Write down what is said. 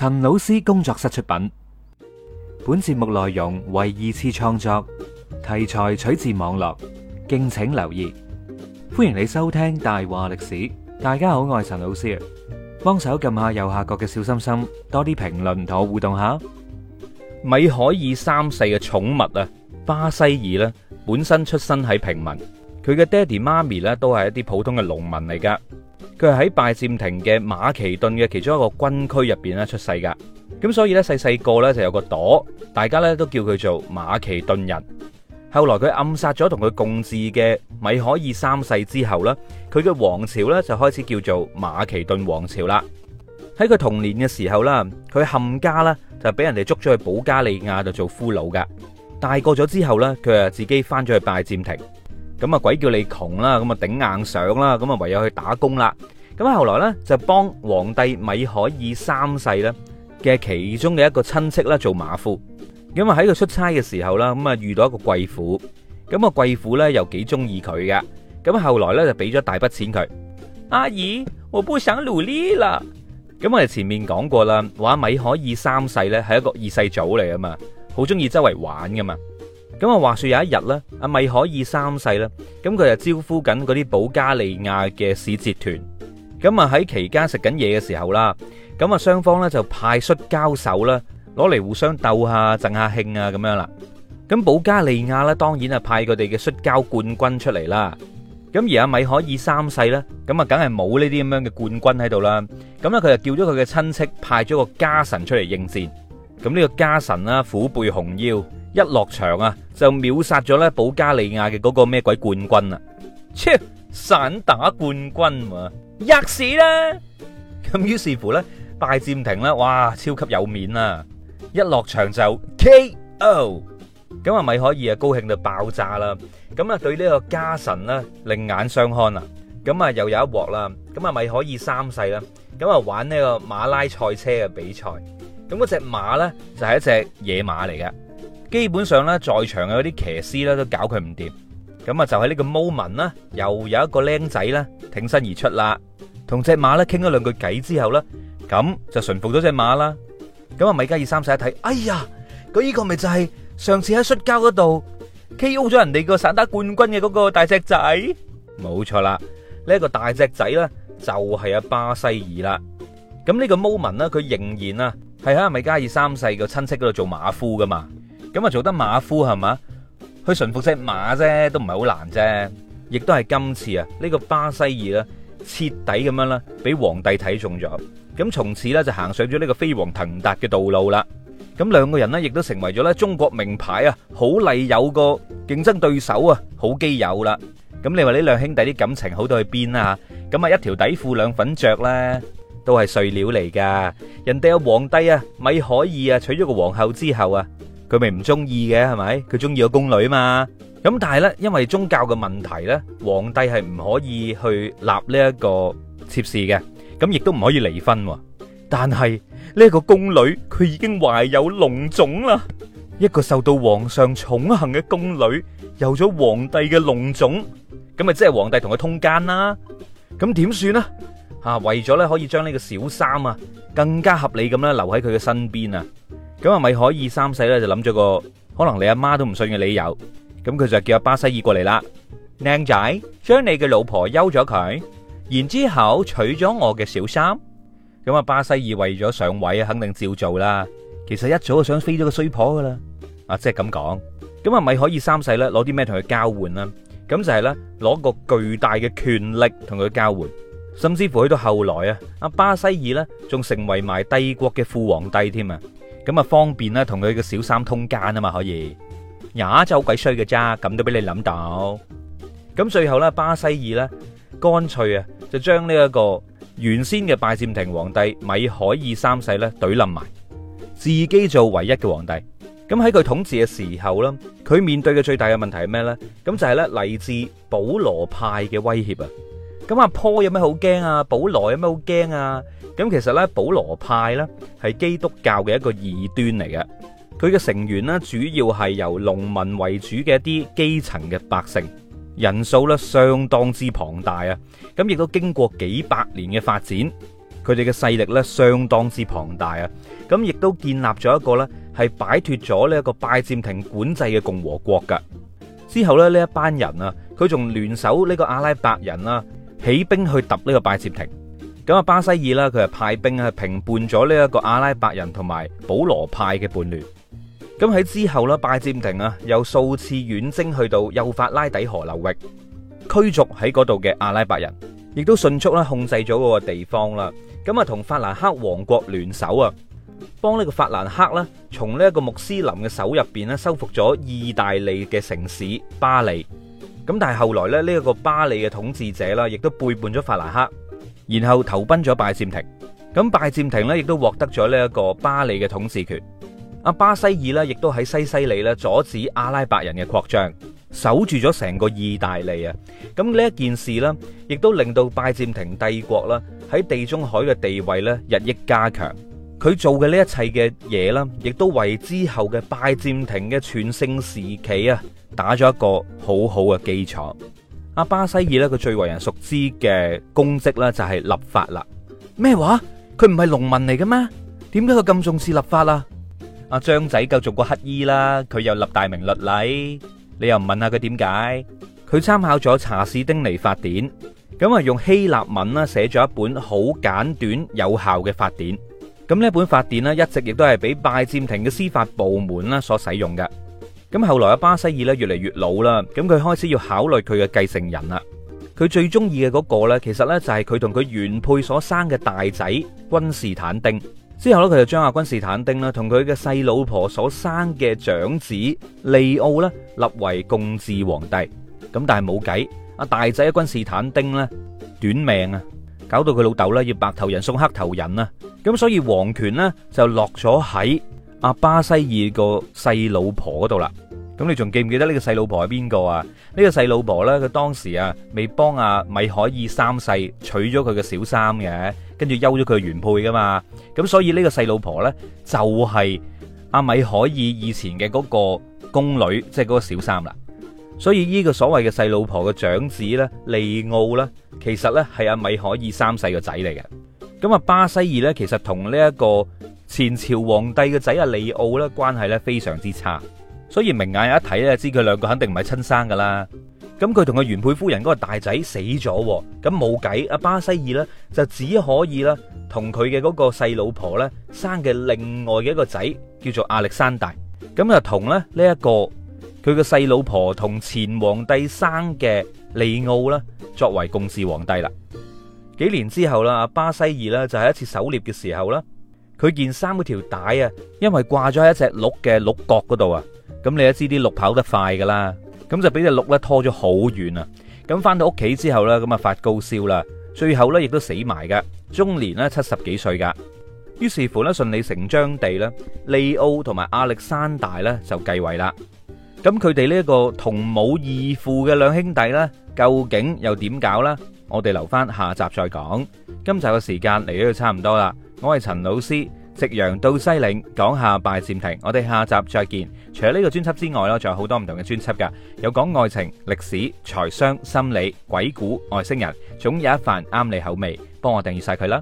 陳老師工作室出品，本節目內容為二次創作，題材取自網絡，敬請留意。歡迎你收聽大話歷史。大家好，我係陳老師啊，幫手撳下右下角嘅小心心，多啲評論同我互動下。米海爾三世嘅寵物啊，巴西爾咧，本身出身喺平民，佢嘅爹哋媽咪咧都係一啲普通嘅農民嚟噶。佢係喺拜占庭嘅馬其頓嘅其中一個軍區入邊咧出世噶，咁所以咧細細個咧就有個朵，大家咧都叫佢做馬其頓人。後來佢暗殺咗同佢共治嘅米海爾三世之後呢，佢嘅王朝呢就開始叫做馬其頓王朝啦。喺佢童年嘅時候呢，佢冚家呢就俾人哋捉咗去保加利亞度做俘虜噶。大個咗之後呢，佢啊自己翻咗去拜占庭。咁啊，鬼叫你窮啦！咁啊，頂硬上啦！咁啊，唯有去打工啦。咁後來咧就幫皇帝米海爾三世咧嘅其中嘅一個親戚啦做馬夫。因為喺佢出差嘅時候啦，咁啊遇到一個貴婦，咁啊貴婦咧又幾中意佢㗎。咁後來咧就俾咗大筆錢佢。阿姨，我不想努力啦。咁我哋前面講過啦，話米海爾三世咧係一個二世祖嚟啊嘛，好中意周圍玩噶嘛。咁啊，話説，有一日咧，阿米可以三世咧，咁佢就招呼緊嗰啲保加利亞嘅使節團。咁啊喺期間食緊嘢嘅時候啦，咁啊雙方咧就派摔跤手啦，攞嚟互相鬥下、振下興啊咁樣啦。咁保加利亞咧當然係派佢哋嘅摔跤冠軍出嚟啦。咁而阿米可以三世咧，咁啊梗係冇呢啲咁樣嘅冠軍喺度啦。咁啊佢就叫咗佢嘅親戚派咗個家臣出嚟應戰。咁呢個家臣啦，虎背熊腰。一落場啊，就秒殺咗咧保加利亞嘅嗰個咩鬼冠軍啊！超散打冠軍，吔屎啦！咁於是乎咧，拜占庭啦，哇，超級有面啊！一落場就 K.O.，咁啊，米可爾啊高興到爆炸啦！咁啊，對呢個家臣咧另眼相看啦，咁啊又有一鑊啦，咁啊米可爾三世啦，咁啊玩呢個馬拉賽車嘅比賽，咁嗰隻馬咧就係一隻野馬嚟嘅。基本上咧，在場嘅嗰啲騎師咧都搞佢唔掂，咁啊就喺呢個 moment 啦，又有一個靚仔咧挺身而出啦，同隻馬咧傾咗兩句偈之後咧，咁就馴服咗隻馬啦。咁啊，米加爾三世一睇，哎呀，佢、這、呢個咪就係上次喺摔跤嗰度 K.O. 咗人哋個散打冠軍嘅嗰個大隻仔，冇錯啦。呢、這個大隻仔咧就係阿巴西爾啦。咁呢個 moment 咧，佢仍然啊係喺米加爾三世嘅親戚嗰度做馬夫噶嘛。咁啊，做得馬夫係嘛，去馴服隻馬啫，都唔係好難啫。亦都係今次啊，呢個巴西爾咧，徹底咁樣啦，俾皇帝睇中咗。咁從此咧，就行上咗呢個飛黃騰達嘅道路啦。咁兩個人咧，亦都成為咗咧中國名牌啊，好摯友個競爭對手啊，好基友啦。咁你話呢兩兄弟啲感情好到去邊啊？咁啊，一條底褲兩粉著咧，都係碎料嚟㗎。人哋有皇帝啊，咪可以啊，娶咗個皇后之後啊。佢咪唔中意嘅係咪？佢中意個宮女嘛？咁但係咧，因為宗教嘅問題咧，皇帝係唔可以去立呢一個妾侍嘅，咁亦都唔可以離婚。但係呢一個宮女，佢已經懷有龍種啦。一個受到皇上寵幸嘅宮女，有咗皇帝嘅龍種，咁咪即係皇帝同佢通姦啦？咁點算啊？吓，為咗咧可以將呢個小三啊更加合理咁咧留喺佢嘅身邊啊！咁啊，米可爾三世咧就諗咗個可能你阿媽都唔信嘅理由，咁佢就叫阿巴西爾過嚟啦，靚仔，將你嘅老婆休咗佢，然之後娶咗我嘅小三。咁啊，巴西爾為咗上位啊，肯定照做啦。其實一早就想飛咗個衰婆噶啦，啊，即係咁講。咁啊，米可爾三世咧攞啲咩同佢交換啊？咁就係咧攞個巨大嘅權力同佢交換，甚至乎去到後來啊，阿巴西爾咧仲成為埋帝國嘅副皇帝添啊！咁啊，方便咧，同佢個小三通奸啊嘛，可以。也就好鬼衰嘅咋，咁都俾你諗到。咁最後咧，巴西爾咧，乾脆啊，就將呢一個原先嘅拜占庭皇帝米海爾三世咧懟冧埋，自己做唯一嘅皇帝。咁喺佢統治嘅時候咧，佢面對嘅最大嘅問題係咩咧？咁就係咧嚟自保羅派嘅威脅啊！咁阿坡有咩好驚啊？保羅有咩好驚啊？咁其實咧，保羅派咧係基督教嘅一個異端嚟嘅。佢嘅成員呢，主要係由農民為主嘅一啲基層嘅百姓，人數咧相當之龐大啊！咁亦都經過幾百年嘅發展，佢哋嘅勢力咧相當之龐大啊！咁亦都建立咗一個咧係擺脱咗呢一個拜占庭管制嘅共和國㗎。之後咧，呢一班人啊，佢仲聯手呢個阿拉伯人啊，起兵去揼呢個拜占庭。咁啊，巴西爾啦，佢係派兵啊，平叛咗呢一個阿拉伯人同埋保羅派嘅叛亂。咁喺之後咧，拜占庭啊，又數次遠征去到幼法拉底河流域，驅逐喺嗰度嘅阿拉伯人，亦都迅速咧控制咗嗰個地方啦。咁啊，同法蘭克王國聯手啊，幫呢個法蘭克啦，從呢一個穆斯林嘅手入邊咧，收復咗意大利嘅城市巴黎。咁但係後來咧，呢一個巴黎嘅統治者啦，亦都背叛咗法蘭克。然後投奔咗拜占庭，咁拜占庭呢，亦都獲得咗呢一個巴里嘅統治權。阿巴西爾呢，亦都喺西西里咧阻止阿拉伯人嘅擴張，守住咗成個意大利啊！咁呢一件事咧，亦都令到拜占庭帝國啦喺地中海嘅地位呢日益加強。佢做嘅呢一切嘅嘢啦，亦都為之後嘅拜占庭嘅全盛時期啊打咗一個好好嘅基礎。阿巴西爾咧，佢最為人熟知嘅功績咧就係立法啦。咩話？佢唔係農民嚟嘅咩？點解佢咁重視立法啊？阿張仔夠做過乞衣啦，佢又立大明律例，你又唔問下佢點解？佢參考咗查士丁尼法典，咁啊用希臘文啦寫咗一本好簡短有效嘅法典。咁呢本法典啦，一直亦都係俾拜占庭嘅司法部門啦所使用嘅。咁後來阿巴西爾咧越嚟越老啦，咁佢開始要考慮佢嘅繼承人啦。佢最中意嘅嗰個呢，其實呢，就係佢同佢原配所生嘅大仔君士坦丁。之後呢，佢就將阿君士坦丁啦同佢嘅細老婆所生嘅長子利奧呢立為共治皇帝。咁但係冇計，阿大仔君士坦丁呢短命啊，搞到佢老豆呢要白頭人送黑頭人啊。咁所以皇權呢，就落咗喺。阿巴西爾個細老婆嗰度啦，咁你仲記唔記得呢個細老婆係邊個啊？呢個細老婆呢，佢當時啊未幫阿米海爾三世娶咗佢嘅小三嘅，跟住休咗佢嘅原配噶嘛，咁所以呢個細老婆呢，就係阿米海爾以前嘅嗰個宮女，即係嗰個小三啦。所以呢個所謂嘅細老婆嘅長子呢，利奧呢，其實呢係阿米海爾三世個仔嚟嘅。咁啊，巴西爾呢，其實同呢一個。前朝皇帝嘅仔阿利奧咧，關係咧非常之差，所以明眼一睇咧，知佢兩個肯定唔係親生噶啦。咁佢同個原配夫人嗰個大仔死咗，咁冇計，阿巴西爾咧就只可以啦，同佢嘅嗰個細老婆咧生嘅另外嘅一個仔叫做亞歷山大，咁就同咧呢一個佢嘅細老婆同前皇帝生嘅利奧咧作為共治皇帝啦。幾年之後啦，巴西爾咧就喺一次狩獵嘅時候啦。佢件衫嗰條帶啊，因為掛咗喺一隻鹿嘅鹿角嗰度啊，咁你都知啲鹿跑得快噶啦，咁就俾隻鹿咧拖咗好遠啊，咁翻到屋企之後咧，咁啊發高燒啦，最後咧亦都死埋噶，終年咧七十幾歲噶，於是乎咧順理成章地咧，利奧同埋亞歷山大咧就繼位啦，咁佢哋呢一個同母異父嘅兩兄弟咧，究竟又點搞咧？我哋留翻下集再講，今集嘅時間嚟咗就差唔多啦。我係陳老師，夕陽到西嶺講下拜占庭，我哋下集再見。除咗呢個專輯之外呢，仲有好多唔同嘅專輯噶，有講愛情、歷史、財商、心理、鬼故、外星人，總有一份啱你口味。幫我訂閱晒佢啦。